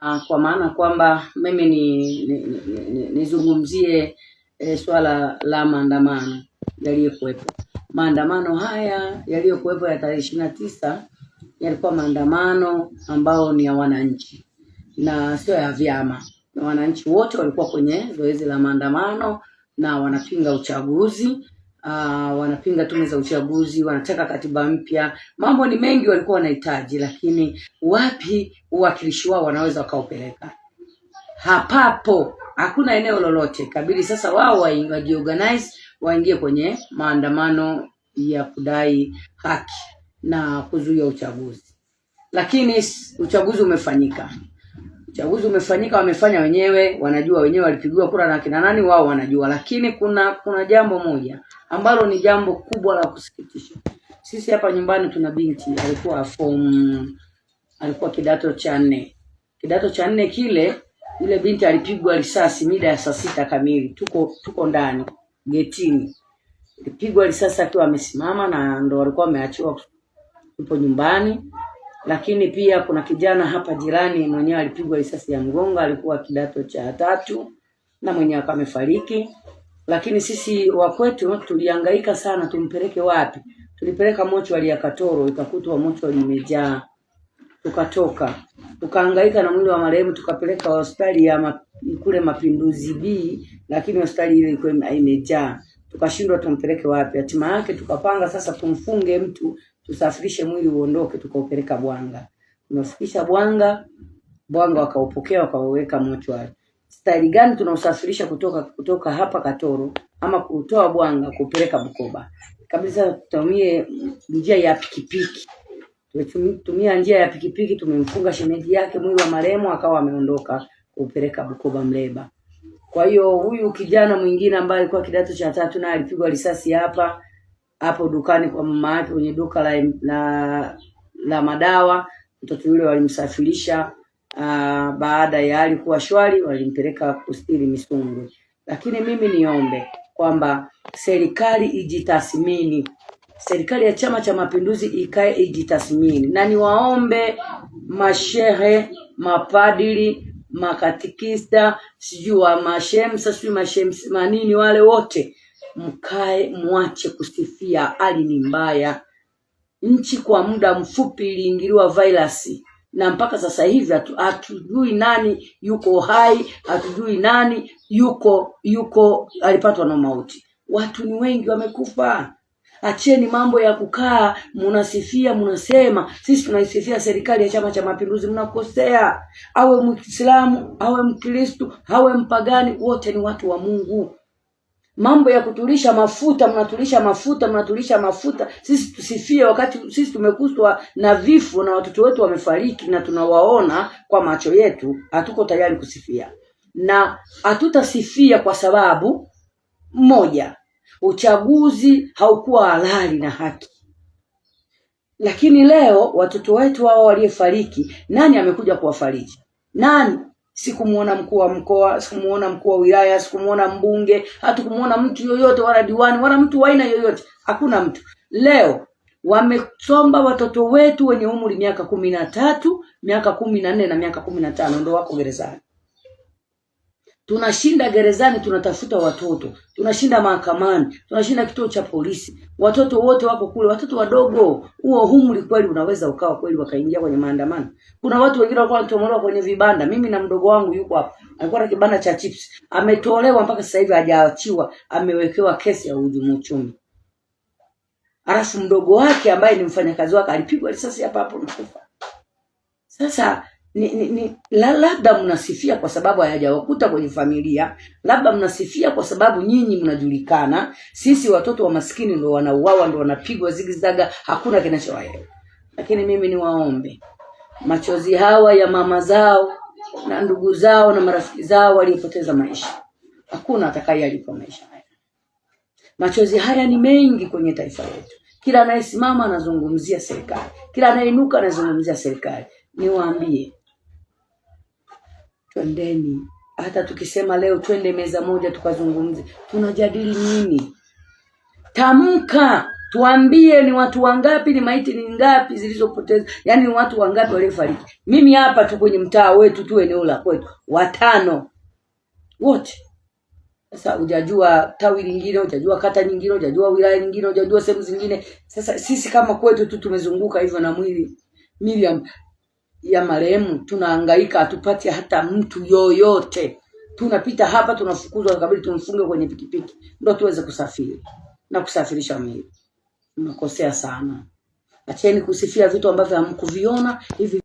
Ah, kwa maana kwamba mimi nizungumzie ni, ni, ni, ni e, swala la maandamano yaliyokuwepo. Maandamano haya yaliyokuwepo ya tarehe ishirini na tisa yalikuwa maandamano ambao ni ya wananchi na sio ya vyama, na wananchi wote walikuwa kwenye zoezi la maandamano na wanapinga uchaguzi uh, wanapinga tume za uchaguzi, wanataka katiba mpya. Mambo ni mengi walikuwa wanahitaji, lakini wapi uwakilishi wao wanaweza wakaupeleka? Hapapo, hakuna eneo lolote kabili. Sasa wao wajiorganize, waingie kwenye maandamano ya kudai haki na kuzuia uchaguzi. Lakini uchaguzi umefanyika, uchaguzi umefanyika, wamefanya wenyewe, wanajua wenyewe walipigiwa kura na kina nani, wao wanajua. Lakini kuna kuna jambo moja ambalo ni jambo kubwa la kusikitisha. Sisi hapa nyumbani tuna binti alikuwa form, alikuwa kidato cha nne. Kidato cha nne kile, yule binti alipigwa risasi mida ya saa sita kamili, tuko tuko ndani getini, alipigwa risasi akiwa amesimama, na ndo walikuwa wameachiwa yupo nyumbani. Lakini pia kuna kijana hapa jirani mwenyewe alipigwa risasi ya mgongo, alikuwa kidato cha tatu na mwenyewe akawa amefariki lakini sisi wa kwetu tulihangaika sana, tumpeleke wapi? Tulipeleka mochwali ya Katoro, ikakutwa mochwari imejaa. Tukatoka tukahangaika na mwili wa marehemu, tukapeleka hospitali ya ma, kule Mapinduzi B, lakini hospitali ile ilikuwa imejaa, tukashindwa tumpeleke wapi. Hatima yake tukapanga sasa tumfunge mtu, tusafirishe mwili uondoke, tukaupeleka Bwanga. Tumefikisha Bwanga, Bwanga wakaupokea wakaweka mochwari staili gani tunaosafirisha kutoka kutoka hapa Katoro ama kutoa Bwanga kupeleka Bukoba kabisa. Tutumie njia ya pikipiki, tumetumia njia ya pikipiki, tumemfunga shemeji yake mwili wa marehemu, akawa ameondoka kupeleka Bukoba Mleba. Kwa hiyo huyu kijana mwingine ambaye alikuwa kidato cha tatu naye alipigwa risasi hapa hapo dukani kwa mama yake kwenye duka la, la, la madawa. Mtoto yule walimsafirisha Ah, baada ya kuwa shwari walimpeleka kustiri Misungwi, lakini mimi niombe kwamba serikali ijitathmini, serikali ya Chama cha Mapinduzi ikae ijitathmini, na niwaombe mashehe, mapadili makatikista, sijui wa mashemsa, sijui mashemsi manini, wale wote mkae, mwache kusifia. Hali ni mbaya, nchi kwa muda mfupi iliingiliwa virus na mpaka sasa hivi hatujui nani yuko hai, hatujui nani yuko yuko alipatwa na mauti. Watu ni wengi wamekufa. Acheni mambo ya kukaa munasifia, munasema sisi tunaisifia serikali ya Chama cha Mapinduzi. Mnakosea. Awe muislamu awe Mkristu, awe mpagani, wote ni watu wa Mungu mambo ya kutulisha mafuta, mnatulisha mafuta, mnatulisha mafuta. Sisi tusifie wakati sisi tumekuswa na vifo na watoto wetu wamefariki na tunawaona kwa macho yetu. Hatuko tayari kusifia na hatutasifia kwa sababu moja, uchaguzi haukuwa halali na haki. Lakini leo watoto wetu hao waliofariki, nani amekuja kuwafariji? Nani sikumuona mkuu wa mkoa, sikumuona mkuu wa wilaya, sikumuona mbunge, hatukumuona mtu yoyote, wala diwani wala mtu wa aina yoyote, hakuna mtu. Leo wamesomba watoto wetu wenye umri miaka kumi na tatu, miaka kumi na nne na miaka kumi na tano ndo wako gerezani tunashinda gerezani, tunatafuta watoto, tunashinda mahakamani, tunashinda kituo cha polisi, watoto wote wako kule, watoto wadogo. Huo humri kweli unaweza ukawa kweli wakaingia kwenye maandamano. Kuna watu wengine walikuwa wanatomolewa kwenye vibanda. Mimi na mdogo wangu yuko hapa, alikuwa na kibanda cha chips, ametolewa mpaka sasa hivi hajaachiwa, amewekewa kesi ya uhujumu uchumi. Alafu mdogo wake ambaye ni mfanyakazi wake alipigwa risasi hapa hapo na kufa. Sasa ni, ni, ni, la, labda mnasifia kwa sababu hayajawakuta kwenye familia, labda mnasifia kwa sababu nyinyi mnajulikana. Sisi watoto wa maskini ndio wanauawa, ndio wanapigwa zigizaga, hakuna kinachowaelewa. Lakini mimi niwaombe, machozi hawa ya mama zao na ndugu zao na marafiki zao waliopoteza maisha, hakuna atakayeyalipa maisha haya. Machozi haya ni mengi kwenye taifa letu. Kila anayesimama anazungumzia serikali, kila anayeinuka anazungumzia serikali. Niwaambie, twendeni. Hata tukisema leo twende meza moja tukazungumze, tunajadili nini? Tamka, tuambie ni watu wangapi, ni maiti ni ngapi zilizopoteza, yaani ni watu wangapi waliofariki. Mimi hapa tu kwenye mtaa wetu tu, eneo la kwetu, watano wote sasa hujajua tawi lingine, hujajua kata nyingine, hujajua wilaya nyingine, hujajua sehemu zingine. Sasa sisi kama kwetu tu tumezunguka hivyo na mwili Miriam ya marehemu tunahangaika, hatupati hata mtu yoyote. Tunapita hapa tunafukuzwa, kabili tumfunge kwenye pikipiki ndo tuweze kusafiri na kusafirisha mwili. Mnakosea sana. Acheni kusifia vitu ambavyo hamkuviona hivi.